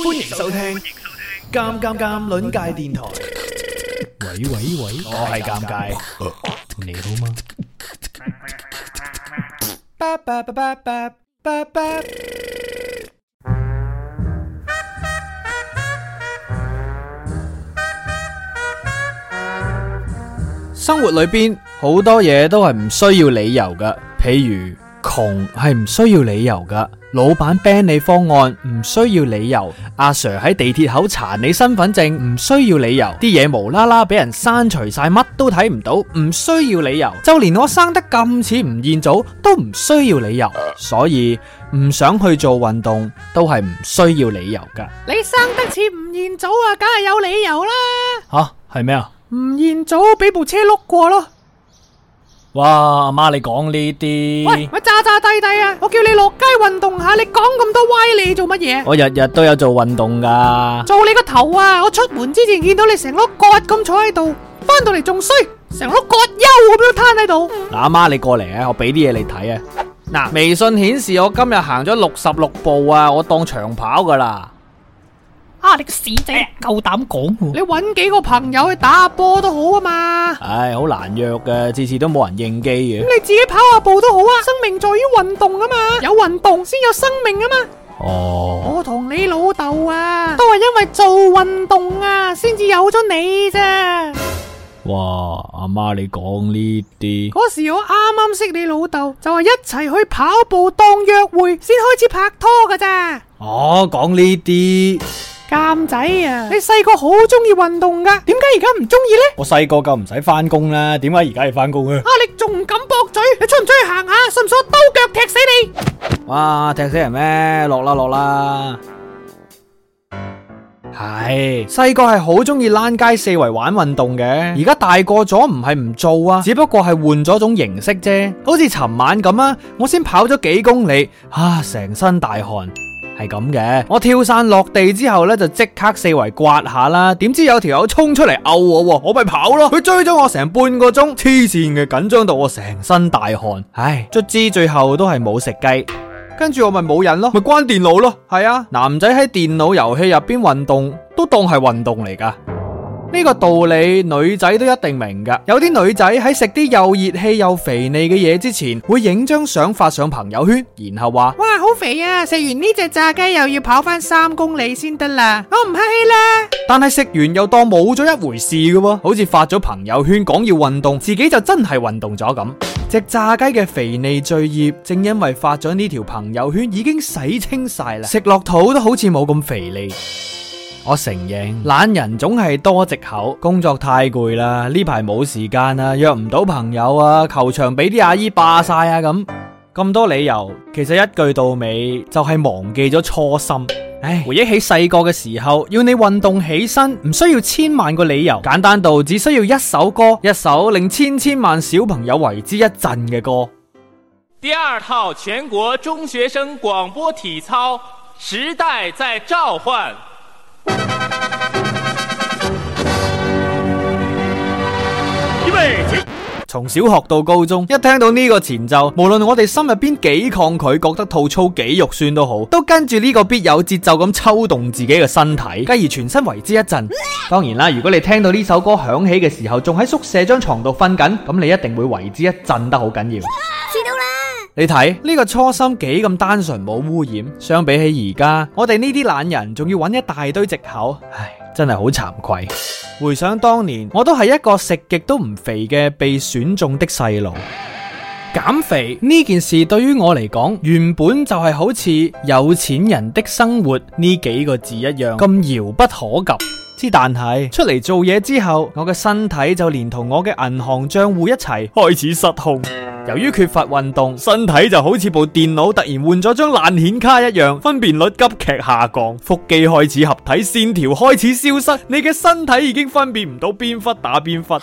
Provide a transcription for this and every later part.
歡迎收聽《尷尷尷》鄰界電台。喂喂喂，我係尷尬，你好嗎？生活裏邊好多嘢都係唔需要理由㗎，譬如。窮係唔需要理由噶，老闆 ban 你方案唔需要理由，阿 Sir 喺地鐵口查你身份證唔需要理由，啲嘢 無啦啦俾人刪除晒，乜都睇唔到，唔需要理由，就連我生得咁似吳彥祖都唔需要理由，所以唔想去做運動都係唔需要理由噶。你生得似吳彥祖啊，梗係有理由啦。吓係咩啊？吳彥祖俾部車碌過囉。哇，阿媽你講呢啲喂，咪詐詐諦諦啊！我叫你落街運動下，你講咁多歪理做乜嘢？我日日都有做運動噶，做你個頭啊！我出門之前見到你成碌葛咁坐喺度，返到嚟仲衰，成碌葛優咁樣攤喺度。嗱，阿媽你過嚟啊，我俾啲嘢你睇啊。嗱，微信顯示我今日行咗六十六步啊，我當長跑噶啦。啊！你個死仔夠膽講，哎呀啊，你揾幾個朋友去打波都好啊嘛。唉，好難約嘅，次次都冇人應機嘅。咁你自己跑下步都好啊，生命在於運動啊嘛，有運動先有生命啊嘛。哦，我同你老豆啊，都係因為做運動啊，先至有咗你啫。哇，阿媽你講呢啲，嗰時我啱啱識你老豆，就係一齊去跑步當約會先開始拍拖噶咋。我講呢啲。監仔啊，你細個好中意運動噶，點解而家唔中意呢？我細個夠唔使翻工啦，點解而家要翻工啊？啊，你仲唔敢駁嘴？你出唔出去行下？信唔信我刀腳踢死你？哇，踢死人咩？落啦落啦。係細個係好中意 𨅷 街四圍玩運動嘅，而家大個咗唔係唔做啊，只不過係換咗種形式啫。好似尋晚咁啊，我先跑咗幾公里，啊，成身大汗。係咁嘅，我跳傘落地之後呢，就即刻四圍刮下啦。點知有條友衝出嚟毆我、啊，我咪跑咯。佢追咗我成半個鐘，黐線嘅，緊張到我成身大汗。唉，卒之最後都係冇食雞，跟住我咪冇癮咯，咪 關電腦咯。係啊，男仔喺電腦遊戲入邊運動，都當係運動嚟噶。呢個道理女仔都一定明噶，有啲女仔喺食啲又熱氣又肥膩嘅嘢之前，會影張相發上朋友圈，然後話：「哇，好肥啊！食完呢隻炸雞又要跑翻三公里先得啦，我唔客氣啦。但係食完又當冇咗一回事噶喎，好似發咗朋友圈講要運動，自己就真係運動咗咁。 隻炸雞嘅肥膩罪孽，正因為發咗呢條朋友圈，已經洗清晒啦，食落肚都好似冇咁肥膩。我承認懶人總係多借口，工作太攰啦，呢排冇時間啦，約唔到朋友啊，球場俾啲阿姨霸晒啊，咁咁多理由，其實一句到尾就係忘記咗初心。唉，回憶起細個嘅時候，要你運動起身，唔需要千萬個理由，簡單到只需要一首歌，一首令千千萬小朋友為之一振嘅歌。第二套全國中學生廣播體操，時代在召喚。預備，從小學到高中，一聽到呢個前奏，無論我哋心入邊幾抗拒，覺得吐粗幾肉酸都好，都跟住呢個必有節奏咁抽動自己嘅身體，繼而全身為之一震。 當然啦，如果你聽到呢首歌響起嘅時候，仲喺宿舍張床度瞓緊，咁你一定會為之一震得好緊要。 你睇，呢個初心幾咁單純，冇污染。相比起而家，我哋呢啲懶人仲要揾一大堆藉口，唉，真係好慚愧。回想當年，我都係一個食極都唔肥嘅被選中的細路。減肥呢件事對於我嚟講，原本就係好似有錢人的生活呢幾個字一樣，咁遙不可及。之，但係出嚟做嘢之後，我嘅身體就連同我嘅銀行賬戶一齊開始失控。由於缺乏運動，身體就好似部電腦突然換咗張爛顯卡一樣，分辨率急劇下降，腹肌開始合體，線條開始消失。你嘅身體已經分辨唔到邊忽打邊忽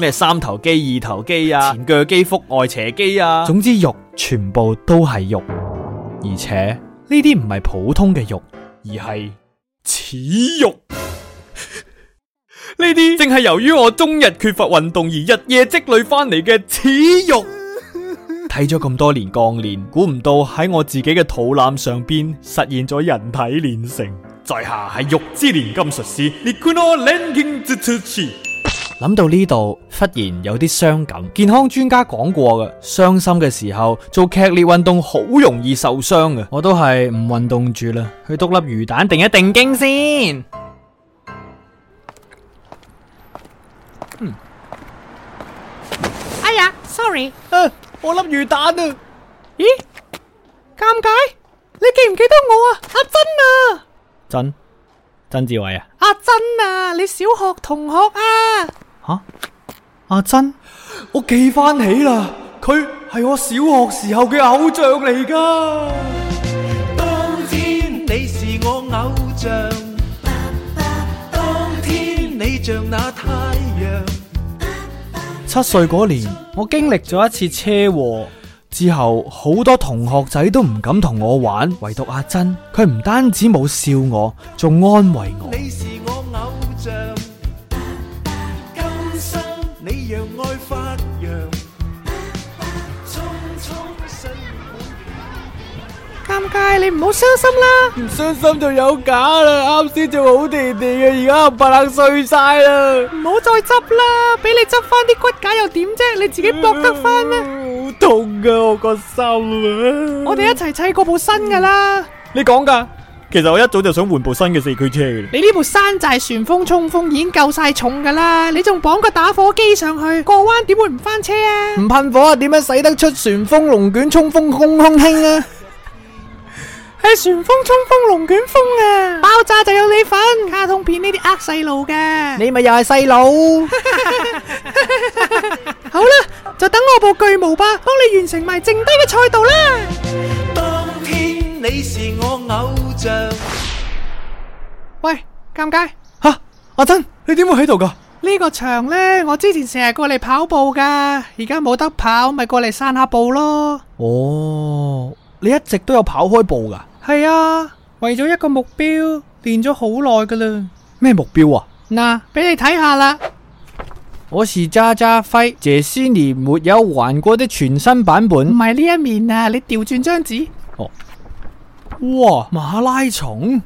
咩，三頭肌、二頭肌啊，前鋸肌、腹外斜肌啊，總之肉全部都係肉，而且呢啲唔係普通嘅肉，而係恥肉。呢啲正係由於我終日缺乏運動而日夜積累翻嚟嘅恥辱。睇咗咁多年鋼鍊，估唔到喺我自己嘅肚腩上邊實現咗人體煉成。在下係肉之煉金術師。諗 到呢度，忽然有啲傷感。健康專家講過嘅，傷心嘅時候做劇烈運動好容易受傷嘅。我都係唔運動住啦，去篤粒魚蛋定一定經先。Sorry，啊，我粒魚蛋啊，咦，尷尬，你記唔記得我啊，阿珍啊，珍？珍志偉啊，阿珍啊，你小學同學啊，吓，啊，阿珍，我記翻起啦，佢係我小學時候嘅偶像嚟噶，當天你是我偶像，當天你是我偶像，當天你像那太陽。七歲嗰年，我經歷咗一次車禍之後，好多同學仔都唔敢同我玩，唯獨阿珍，佢唔單止冇笑我，仲安慰我。尷尬，你唔好傷心啦，唔傷心就有假啦。啱先就好地地嘅，而家崩碎晒啦。唔好再執啦，俾你執翻啲骨架又點啫？你自己搏得翻咩？ 好痛噶，我個心啊！我哋一齊砌過部新噶啦。你講噶，其實我一早就想換部新嘅四驅車。你呢部山寨旋風衝鋒已經夠晒重噶啦，你仲綁個打火機上去過彎，點會唔翻車啊？唔噴火啊，點樣使得出旋風龍捲衝鋒轟轟輕啊？係旋風衝鋒龍捲風啊！爆炸就有你份。卡通片呢啲呃細路嘅，你咪又係細路。 好啦，就等我部巨無霸幫你完成埋剩低嘅賽道啦。當天你是我偶像。喂，尷尬。吓，阿珍，你點會喺度噶？呢個場咧，我之前成日過嚟跑步噶，而家冇得跑，咪過嚟散下步咯。哦，你一直都有跑開步噶？係啊，為咗一個目標練咗好耐噶啦。咩目標啊？嗱，俾你睇下啦。我是渣渣輝，謝師年沒有還過的全新版本。唔係呢一面啊，你調轉張紙。哦，哇，馬拉松？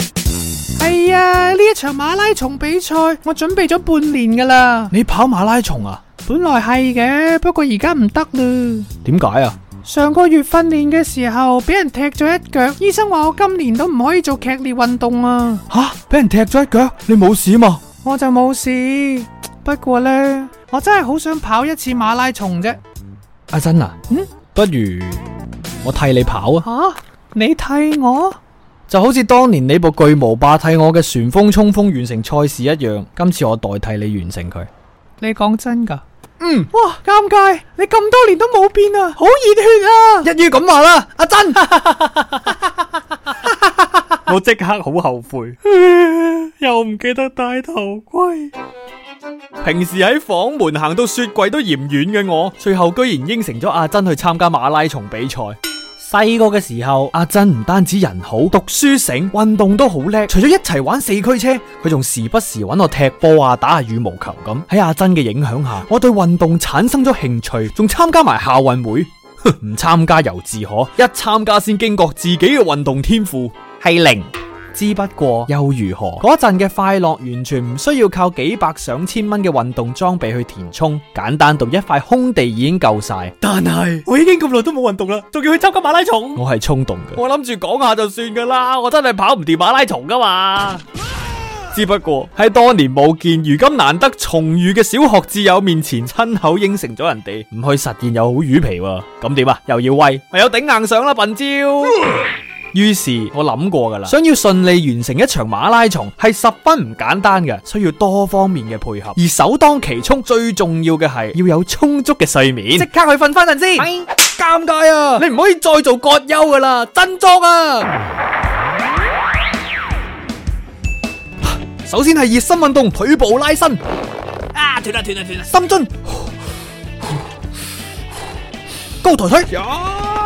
係啊，哎，呢一場馬拉松比賽我準備咗半年噶啦。你跑馬拉松啊？本來係嘅，不過而家唔得啦。點解啊？上個月訓練嘅時候，俾人踢咗一腳，醫生話我今年都唔可以做劇烈運動啊！吓，俾人踢咗一腳，你冇事嘛？我就冇事，不過呢，我真係好想跑一次馬拉松啫。阿珍啊，嗯，不如我替你跑啊！吓，你替我就好似當年你部巨無霸替我嘅旋風衝鋒完成賽事一樣，今次我代替你完成佢。你講真㗎？嗯，哇，尷尬，你咁多年都冇變啊，好熱血啊！一於咁話啦，阿 珍， 我即刻好後悔， 又唔記得戴頭盔。平時喺房門行到雪櫃都嫌遠嘅我，最後居然應承咗阿珍去參加馬拉松比賽。細個嘅時候，阿珍唔單止人好，讀書醒，運動都好叻。除咗一齊玩四驅車，佢仲時不時揾我踢波啊，打下、啊、羽毛球咁。喺阿珍嘅影響下，我對運動產生咗興趣，仲參加埋校運會。唔 參加由自可，一參加先經過自己嘅運動天賦係零。之不過又如何？嗰陣嘅快樂完全唔需要靠幾百上千蚊嘅運動裝備去填充，簡單到一塊空地已經夠晒。但係我已經咁耐都冇運動啦，仲要去參加馬拉松？我係衝動嘅，我諗住講下就算噶啦，我真係跑唔掂馬拉松噶嘛。之 不過喺多年冇見，如今難得重遇嘅小學摯友面前親，親口應承咗人哋唔去實現有好魚皮喎、啊，咁點啊？又要威，唯有頂硬上啦笨蕉。於是我諗過噶啦，想要順利完成一場馬拉松係十分唔簡單嘅，需要多方面嘅配合。而首當其衝最重要嘅係要有充足嘅睡眠，即刻去瞓翻陣先。哎，尷尬啊！你唔可以再做葛優噶啦，振作啊！ 首先係熱身運動，腿部拉伸。啊！斷啦斷啦斷啦！深蹲，高抬腿。啊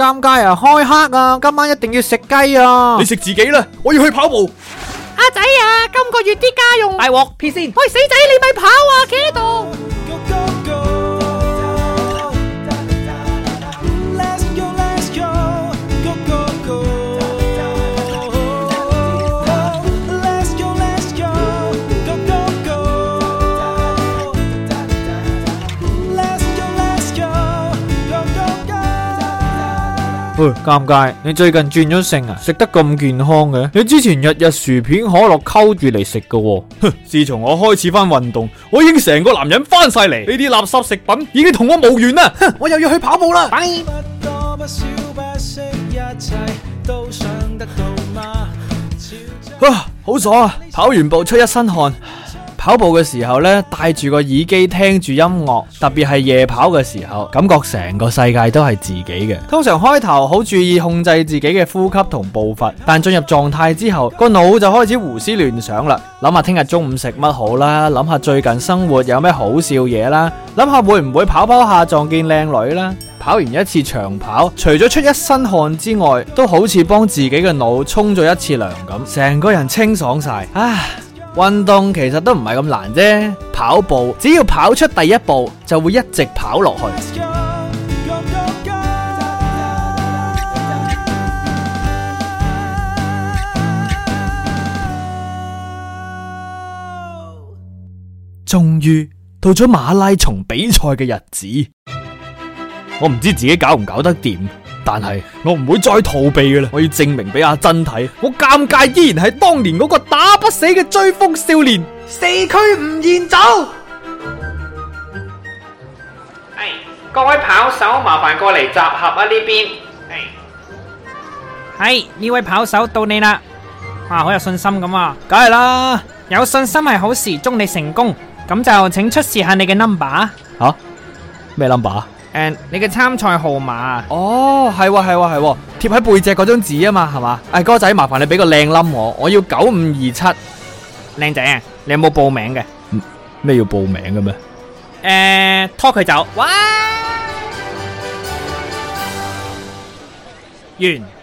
三街啊，開黑啊，今晚一定要食雞啊！你食自己啦，我要去跑步。阿、啊、仔啊，今個月啲家用大鑊，撇先。喂，死仔，你咪跑啊，企喺度！尷尬，你最近轉咗性啊？食得咁健康嘅，你之前日日薯片可樂溝住嚟食噶？哼，自從我開始翻運動，我已經成個男人翻晒嚟，呢啲垃圾食品已經同我無緣啦！哼，我又要去跑步啦。啊 Bye. ，好爽啊！跑完步出一身汗。跑步嘅時候呢，戴住個耳機聽住音樂，特別係夜跑嘅時候，感覺成個世界都係自己嘅。通常開頭好注意控制自己嘅呼吸同步伐，但進入狀態之後，個腦就開始胡思亂想啦，諗下聽日中午食乜好啦，諗下最近生活有咩好笑嘢啦，諗下會唔會跑跑下撞見靚女啦。跑完一次長跑，除咗出一身汗之外，都好似幫自己嘅腦沖咗一次涼咁，成個人清爽晒啊！運動其實都唔係咁難啫，跑步只要跑出第一步，就會一直跑落去。終於到咗馬拉松比賽嘅日子，我唔知自己搞唔搞得掂。但係我唔會再逃避嘅啦，我要證明俾阿珍睇，我尷尬依然係當年嗰個打不死嘅追風少年。四驅吳彥祖，誒，各位跑手麻煩過嚟集合啊，呢邊，係呢位跑手到你啦。啊好有信心咁啊。梗係啦，有信心係好事，祝你成功。咁就請出示下你嘅 number，啊咩 number？誒，And, 你嘅參賽號碼？哦，係喎係喎係喎，貼喺、啊啊、背脊嗰張紙啊嘛，係嘛？唉、哎，哥仔，麻煩你俾個靚冧我，我要九五二七。靚仔啊，你有冇報名嘅？咩要報名嘅咩？誒、呃，拖佢走，哇，完。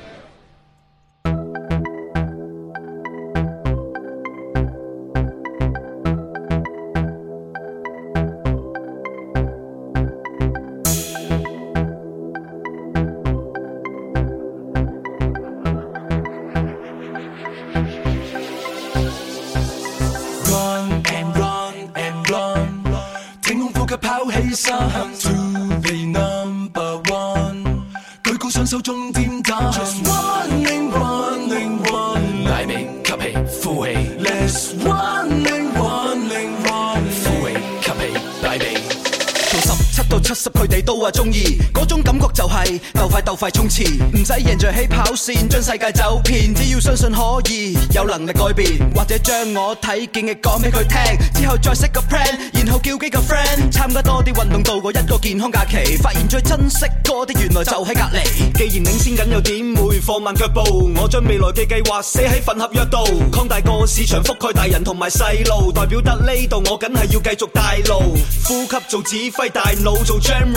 地都話中意，嗰種感覺就係鬥快鬥快衝刺，唔使贏在起跑線，將世界走遍。只要相信可以，有能力改變，或者將我睇見嘅講俾佢聽，之後再識個 friend，然後叫幾個 friend 參加多啲運動，度過一個健康假期。發現最珍惜嗰啲原來就喺隔離，既然領先緊又點會放慢腳步？我將未來嘅計劃寫喺份合約度，擴大個市場覆蓋大人同埋細路，代表得呢度我緊係要繼續帶路，呼吸做指揮，大腦做 jam。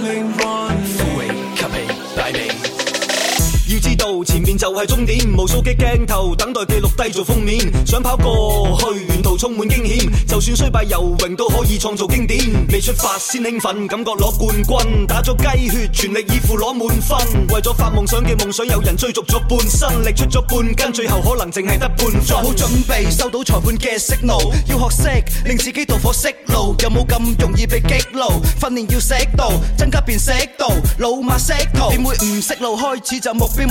知道前面就係終點，無數嘅鏡頭等待記錄低做封面。想跑過去，沿途充滿驚險。就算衰敗，游泳都可以創造經典。未出發先興奮，感覺攞冠軍。打咗雞血，全力以赴攞滿分。為咗發夢想嘅夢想，有人追逐咗半生，力出咗半斤，最後可能淨係得半樽。做好準備，收到裁判嘅息怒，要學識令自己度火息怒，有冇咁容易被激怒。訓練要識度，增加辨識度，老馬識途，點會唔識路？開始就目標。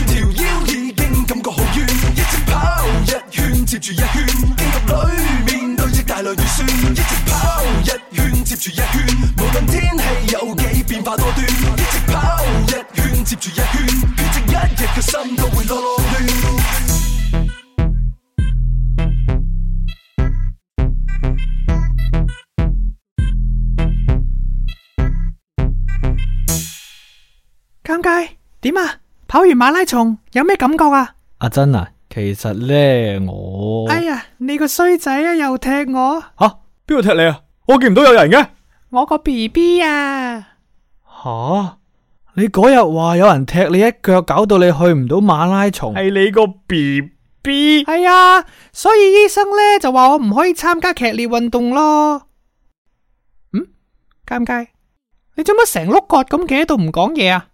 一條腰已經感覺好冤，一直跑一圈接住一圈，進入裏面對積大量愈酸，一直跑一圈接住一圈，無論天氣有幾變化多端，一直跑一圈接住一圈，決戰一日嘅心都會囉囉攣。尷尬，點啊？跑完馬拉松有咩感覺啊？阿珍啊，其實咧我，哎呀，你個衰仔啊，又踢我吓？邊度踢你啊？我見唔到有人嘅。我個 B B 啊吓？你嗰日話有人踢你一腳，搞到你去唔到馬拉松，係你個 B B 係啊？所以醫生咧就話我唔可以參加劇烈運動咯。嗯，尷尬，你做乜成碌角咁企喺度唔講嘢啊？